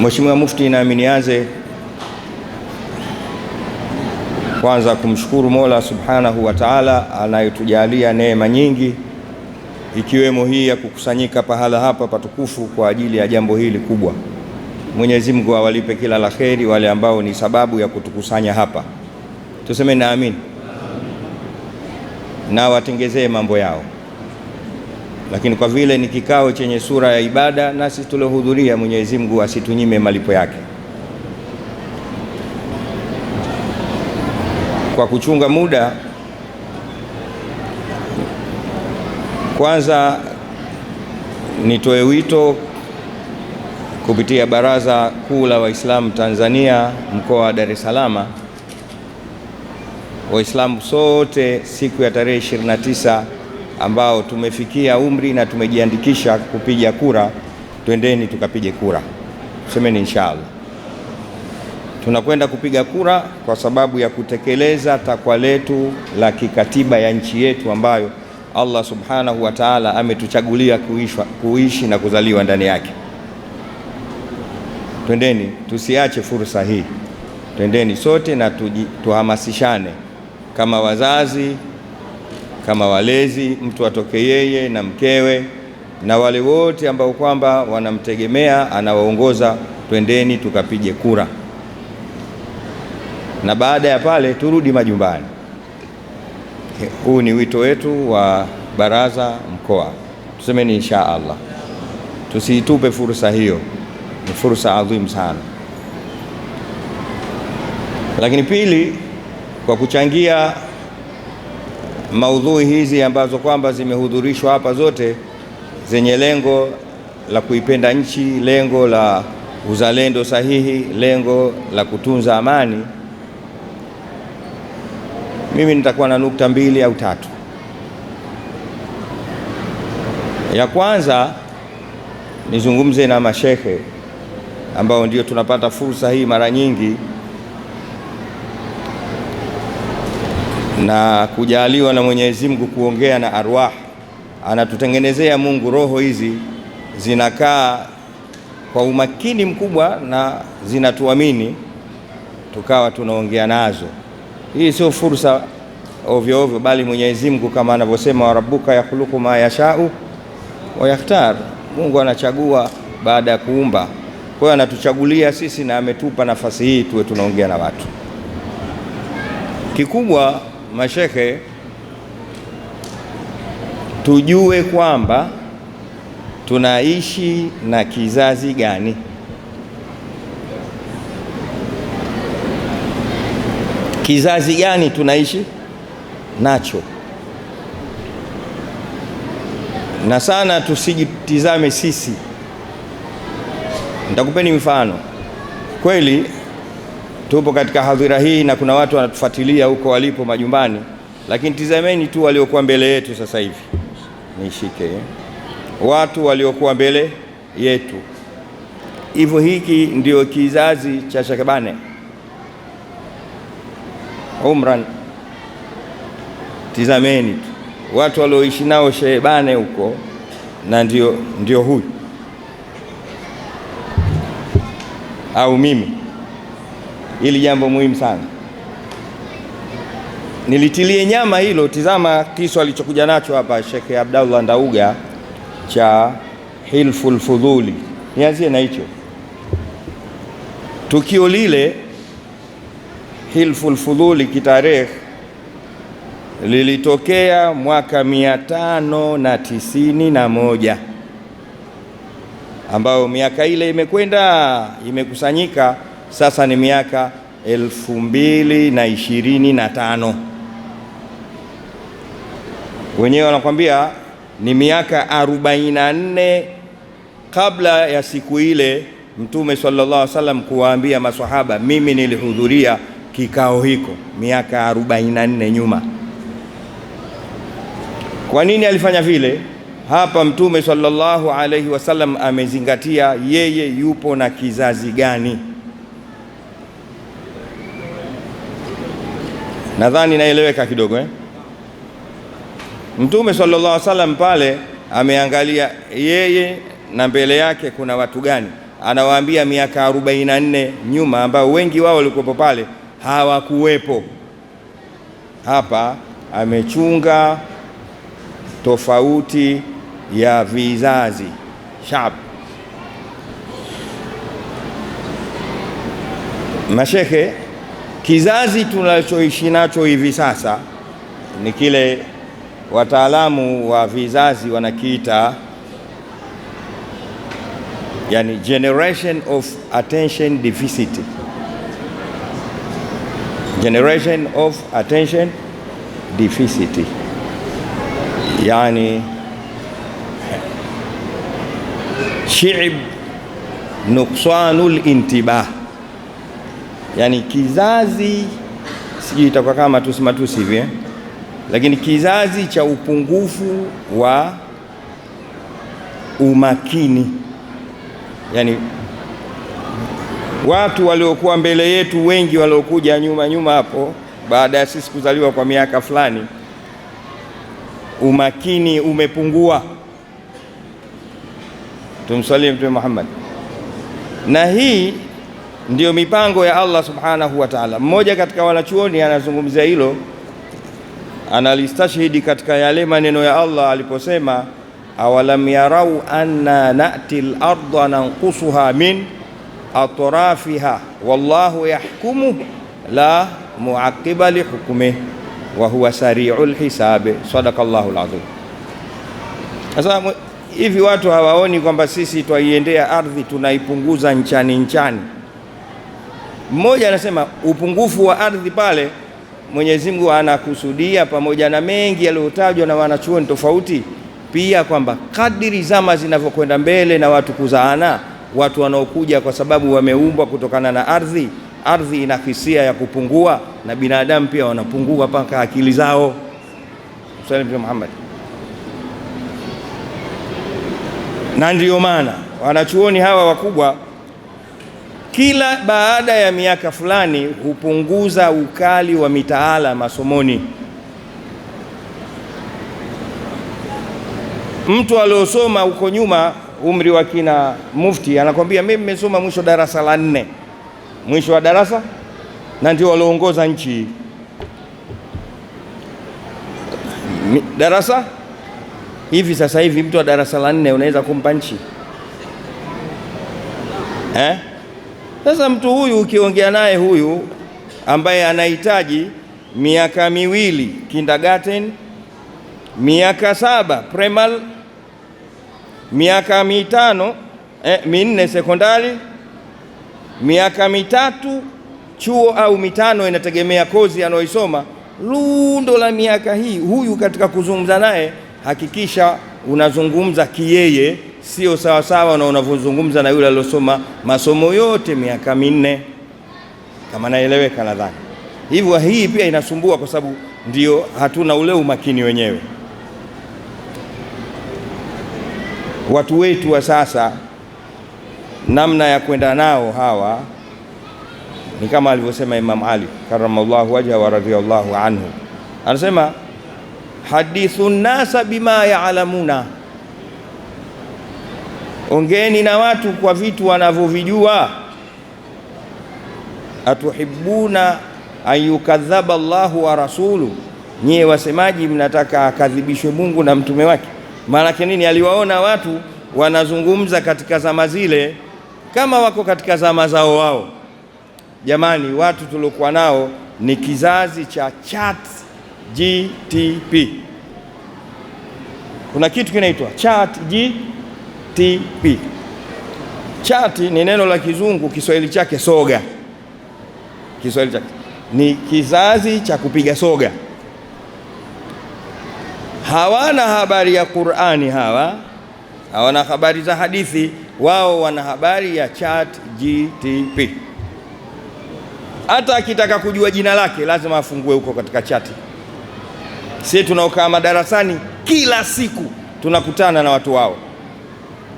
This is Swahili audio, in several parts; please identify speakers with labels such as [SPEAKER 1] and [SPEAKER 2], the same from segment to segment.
[SPEAKER 1] Mheshimiwa Mufti, nami nianze kwanza kumshukuru Mola Subhanahu wa Ta'ala anayetujalia neema nyingi ikiwemo hii ya kukusanyika pahala hapa patukufu kwa ajili ya jambo hili kubwa. Mwenyezi Mungu awalipe kila la kheri wale ambao ni sababu ya kutukusanya hapa, tuseme na amin, na watengezee mambo yao lakini kwa vile ni kikao chenye sura ya ibada, nasi tuliohudhuria, Mwenyezi Mungu asitunyime malipo yake. Kwa kuchunga muda, kwanza nitoe wito kupitia Baraza Kuu la Waislamu Tanzania mkoa wa Dar es Salaam, Waislamu sote siku ya tarehe 29 ambao tumefikia umri na tumejiandikisha kupiga kura, twendeni tukapige kura, semeni inshallah. Tunakwenda kupiga kura kwa sababu ya kutekeleza takwa letu la kikatiba ya nchi yetu ambayo Allah subhanahu wa ta'ala ametuchagulia kuishi na kuzaliwa ndani yake. Twendeni tusiache fursa hii, twendeni sote na tuji, tuhamasishane kama wazazi kama walezi, mtu atoke yeye na mkewe na wale wote ambao kwamba wanamtegemea anawaongoza, twendeni tukapige kura, na baada ya pale turudi majumbani. Huu ni wito wetu wa baraza mkoa, tusemeni insha Allah, tusiitupe fursa hiyo, ni fursa adhimu sana. Lakini pili, kwa kuchangia maudhui hizi ambazo kwamba zimehudhurishwa hapa zote zenye lengo la kuipenda nchi, lengo la uzalendo sahihi, lengo la kutunza amani. Mimi nitakuwa na nukta mbili au tatu. Ya kwanza nizungumze na mashehe ambao ndio tunapata fursa hii mara nyingi na kujaliwa na Mwenyezi Mungu kuongea na arwah, anatutengenezea Mungu roho hizi zinakaa kwa umakini mkubwa na zinatuamini, tukawa tunaongea nazo. Hii sio fursa ovyo ovyo, bali Mwenyezi Mungu kama anavyosema, warabuka yakhluqu ma yashau wa yakhtar, Mungu anachagua baada ya kuumba. Kwa hiyo anatuchagulia sisi na ametupa nafasi hii tuwe tunaongea na watu kikubwa mashehe, tujue kwamba tunaishi na kizazi gani. Kizazi gani tunaishi nacho? Na sana tusijitizame sisi. Nitakupeni mfano kweli tupo katika hadhira hii na kuna watu wanatufuatilia huko walipo majumbani, lakini tizameni tu waliokuwa mbele yetu sasa hivi. Nishike watu waliokuwa mbele yetu hivyo. Hiki ndio kizazi cha Shakabane Umran. Tizameni tu watu walioishi nao Shebane huko, na ndio, ndio huyu au mimi Hili jambo muhimu sana nilitilie nyama hilo. Tizama kisu alichokuja nacho hapa Sheikh Abdallah Ndauga cha Hilful Fudhuli. Nianzie na hicho tukio lile. Hilful Fudhuli kitarehe lilitokea mwaka mia tano na tisini na moja ambayo miaka ile imekwenda imekusanyika sasa ni miaka elfu mbili na ishirini na tano wenyewe wanakwambia ni miaka 44 kabla ya siku ile Mtume sallallahu alaihi wasallam kuwaambia maswahaba, mimi nilihudhuria kikao hiko miaka 44 nyuma. Kwa nini alifanya vile? Hapa Mtume sallallahu alaihi wasallam amezingatia yeye yupo na kizazi gani. Nadhani naeleweka kidogo eh? Mtume sallallahu alaihi wasallam pale ameangalia yeye na mbele yake kuna watu gani, anawaambia miaka 44 nyuma, ambao wengi wao walikuwepo pale hawakuwepo. Hapa amechunga tofauti ya vizazi shab. Mashekhe Kizazi tunachoishi nacho hivi sasa ni kile wataalamu wa vizazi wanakiita yani generation of attention deficit, generation of attention deficit, yani shi'b nuqsanul intibah yani kizazi sijui itakuwa kama matusi matusi hivi eh? Lakini kizazi cha upungufu wa umakini, yani watu waliokuwa mbele yetu wengi waliokuja nyuma nyuma hapo baada ya sisi kuzaliwa kwa miaka fulani, umakini umepungua. Tumswalie Mtume Muhammad na hii ndiyo mipango ya Allah subhanahu wa ta'ala. Mmoja katika wanachuoni anazungumzia hilo, analistashhidi katika yale maneno ya Allah aliposema, awalam yarau anna nati larda nankusuha min atrafiha wallahu yahkumu la muaqiba li wa huwa sari'ul hisab. Sadaqallahu alazim. Sasa hivi watu hawaoni kwamba sisi twaiendea ardhi tunaipunguza nchani nchani mmoja anasema upungufu wa ardhi pale Mwenyezi Mungu anakusudia pamoja na mengi yaliyotajwa na wanachuoni tofauti, pia kwamba kadiri zama zinavyokwenda mbele na watu kuzaana, watu wanaokuja kwa sababu wameumbwa kutokana na ardhi, ardhi ina hisia ya kupungua na binadamu pia wanapungua mpaka akili zao. Muhammad na ndiyo maana wanachuoni hawa wakubwa kila baada ya miaka fulani hupunguza ukali wa mitaala masomoni. Mtu aliosoma huko nyuma, umri wa kina Mufti, anakwambia mimi nimesoma mwisho darasa la nne, mwisho wa darasa, na ndio walioongoza nchi darasa hivi. Sasa hivi mtu wa darasa la nne unaweza kumpa nchi eh? Sasa mtu huyu ukiongea naye huyu ambaye anahitaji miaka miwili kindergarten, miaka saba primal, miaka mitano eh, minne sekondari, miaka mitatu chuo au mitano, inategemea kozi anayoisoma. Lundo la miaka hii, huyu katika kuzungumza naye hakikisha unazungumza kiyeye sio sawasawa na unavyozungumza na yule aliyosoma masomo yote miaka minne, kama naeleweka. Nadhani hivyo. Hii pia inasumbua kwa sababu ndio hatuna ule umakini wenyewe. Watu wetu wa sasa, namna ya kwenda nao hawa ni kama alivyosema Imam Ali karamallahu wajha wa radhiallahu anhu, anasema hadithu nasa bima ya'lamuna ya Ongeeni na watu kwa vitu wanavyovijua. Atuhibbuna an yukadhaba Allahu wa rasulu nyie wasemaji mnataka akadhibishwe Mungu na mtume wake. Maanake nini? Aliwaona watu wanazungumza katika zama zile kama wako katika zama zao wao. Jamani, watu tuliokuwa nao ni kizazi cha chat GTP. Kuna kitu kinaitwa chat GTP. TP. Chati ni neno la kizungu, Kiswahili chake soga. Kiswahili chake ni kizazi cha kupiga soga. Hawana habari ya Qur'ani, hawa hawana habari za hadithi, wao wana habari ya Chat GTP. Hata akitaka kujua jina lake lazima afungue huko katika chati. Sisi tunaokaa madarasani kila siku tunakutana na watu wao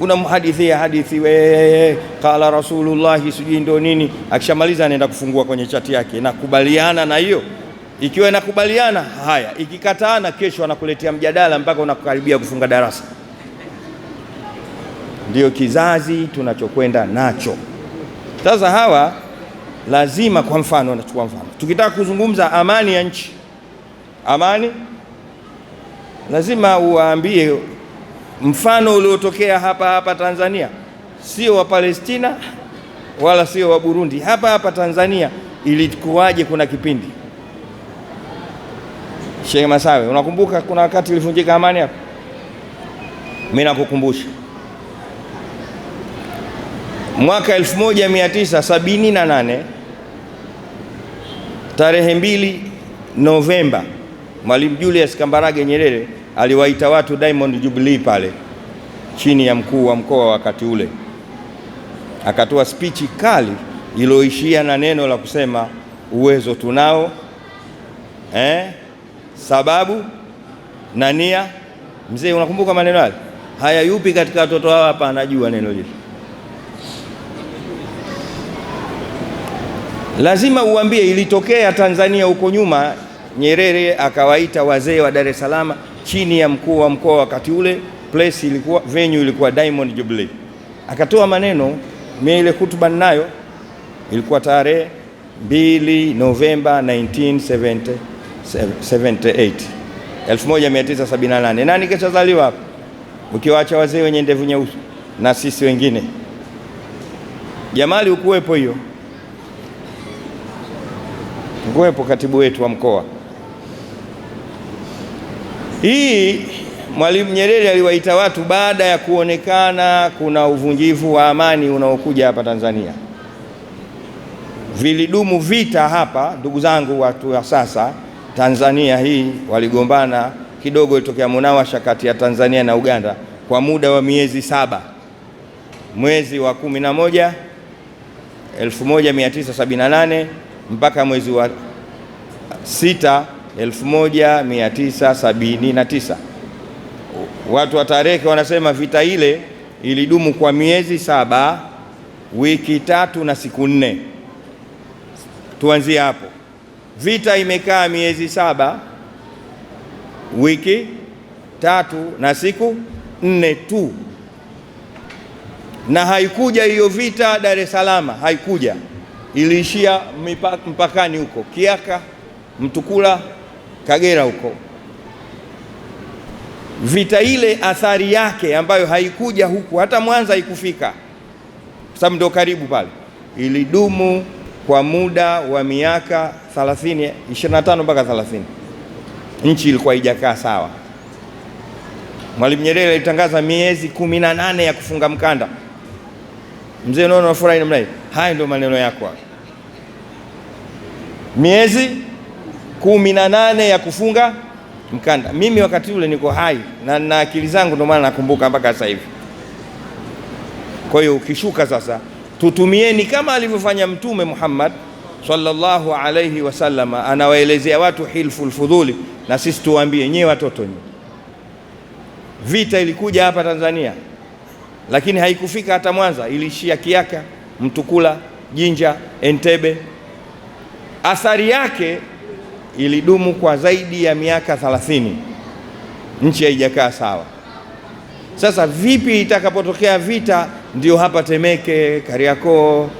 [SPEAKER 1] unamhadithia hadithi we qala rasulullahi sijui ndio nini. Akishamaliza anaenda kufungua kwenye chati yake, nakubaliana na hiyo ikiwa inakubaliana haya, ikikataana, kesho anakuletea mjadala mpaka unakaribia kufunga darasa. Ndiyo kizazi tunachokwenda nacho sasa. Hawa lazima, kwa mfano, nachukua mfano, tukitaka kuzungumza amani ya nchi, amani lazima uwaambie Mfano uliotokea hapa hapa Tanzania, sio wa Palestina wala sio wa Burundi, hapa hapa Tanzania. Ilikuwaje? Kuna kipindi Sheikh Masawe, unakumbuka kuna wakati ilivunjika amani hapa? Mimi nakukumbusha mwaka 1978 tarehe 2 Novemba, Mwalimu Julius Kambarage Nyerere aliwaita watu Diamond Jubilee pale chini ya mkuu wa mkoa wakati ule, akatoa spichi kali iliyoishia na neno la kusema uwezo tunao eh, sababu na nia. Mzee, unakumbuka maneno yale? Haya, yupi katika watoto hawa hapa anajua neno hili? Lazima uambie, ilitokea Tanzania huko nyuma, Nyerere akawaita wazee wa Dar es Salaam chini ya mkuu wa mkoa wakati ule, place ilikuwa, venue ilikuwa Diamond Jubilee. Akatoa maneno mimi, ile hutuba ninayo, ilikuwa tarehe 2 Novemba 1978 1978. Nani kachazaliwa hapa, ukiwaacha wazee wenye ndevu nyeusi na sisi wengine? Jamali, ukuwepo hiyo, ukuwepo katibu wetu wa mkoa hii Mwalimu Nyerere aliwaita watu baada ya kuonekana kuna uvunjivu wa amani unaokuja hapa Tanzania. Vilidumu vita hapa, ndugu zangu, watu wa sasa Tanzania hii waligombana kidogo, ilitokea munawasha kati ya Tanzania na Uganda kwa muda wa miezi saba. Mwezi wa 11 1978 mpaka mwezi wa sita 1979. Watu wa tarehe wanasema vita ile ilidumu kwa miezi saba wiki tatu na siku nne. Tuanzie hapo, vita imekaa miezi saba wiki tatu na siku nne tu, na haikuja hiyo vita Dar es Salaam, haikuja, iliishia mpakani huko Kiaka Mtukula Kagera huko. Vita ile athari yake ambayo haikuja huku hata Mwanza haikufika, sababu ndio karibu pale, ilidumu kwa muda wa miaka 30 25 mpaka 30. Nchi ilikuwa haijakaa sawa. Mwalimu Nyerere alitangaza miezi 18 ya kufunga mkanda. Mzee, unaona furahi namna hii? Haya ndio maneno yako, miezi kumi na nane ya kufunga mkanda. Mimi wakati ule niko hai na na akili zangu, ndio maana nakumbuka mpaka sasa hivi. Kwa hiyo ukishuka sasa, tutumieni kama alivyofanya Mtume Muhammad sallallahu alayhi wasallam, anawaelezea watu hilful fudhuli, na sisi tuwaambie nyewe watoto nye. Vita ilikuja hapa Tanzania lakini haikufika hata Mwanza, iliishia Kiaka, Mtukula, Jinja, entebe Athari yake ilidumu kwa zaidi ya miaka 30, nchi haijakaa sawa. Sasa vipi itakapotokea vita? Ndio hapa Temeke, Kariakoo,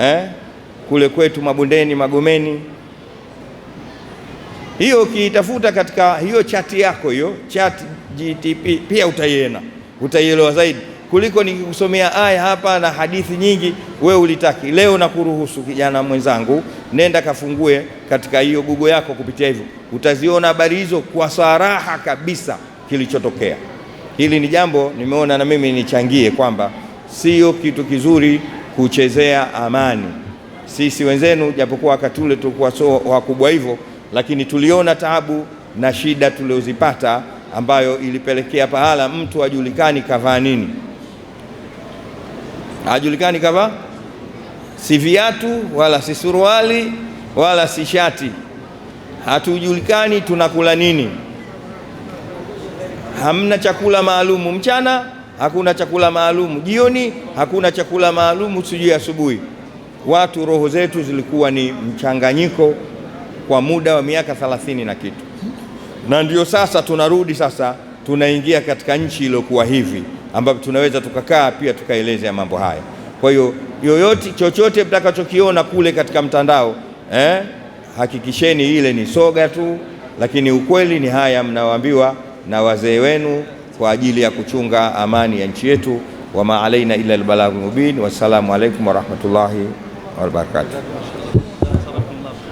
[SPEAKER 1] eh, kule kwetu mabondeni, Magomeni. Hiyo ukiitafuta katika hiyo chati yako hiyo chat GTP pia utaiona, utaielewa zaidi kuliko nikikusomea aya hapa na hadithi nyingi, we ulitaki. Leo nakuruhusu kijana mwenzangu nenda kafungue katika hiyo Google yako, kupitia hivyo utaziona habari hizo kwa saraha kabisa kilichotokea. Hili ni jambo nimeona na mimi nichangie kwamba sio kitu kizuri kuchezea amani. Sisi wenzenu, japokuwa wakati ule tulikuwa so wakubwa hivyo, lakini tuliona taabu na shida tuliozipata, ambayo ilipelekea pahala mtu ajulikani kavaa nini, ajulikani kavaa si viatu wala si suruali wala si shati, hatujulikani tunakula nini. Hamna chakula maalumu mchana, hakuna chakula maalumu jioni, hakuna chakula maalumu sijui asubuhi. Watu roho zetu zilikuwa ni mchanganyiko kwa muda wa miaka thelathini na kitu, na ndio sasa tunarudi sasa, tunaingia katika nchi iliyokuwa hivi, ambapo tunaweza tukakaa pia tukaelezea mambo haya. Kwa hiyo yoyote chochote mtakachokiona kule katika mtandao eh, hakikisheni ile ni soga tu, lakini ukweli ni haya mnaoambiwa na wazee wenu kwa ajili ya kuchunga amani ya nchi yetu. Wama alaina illa albalaghu mubin. Wassalamu alaikum warahmatullahi wabarakatuh.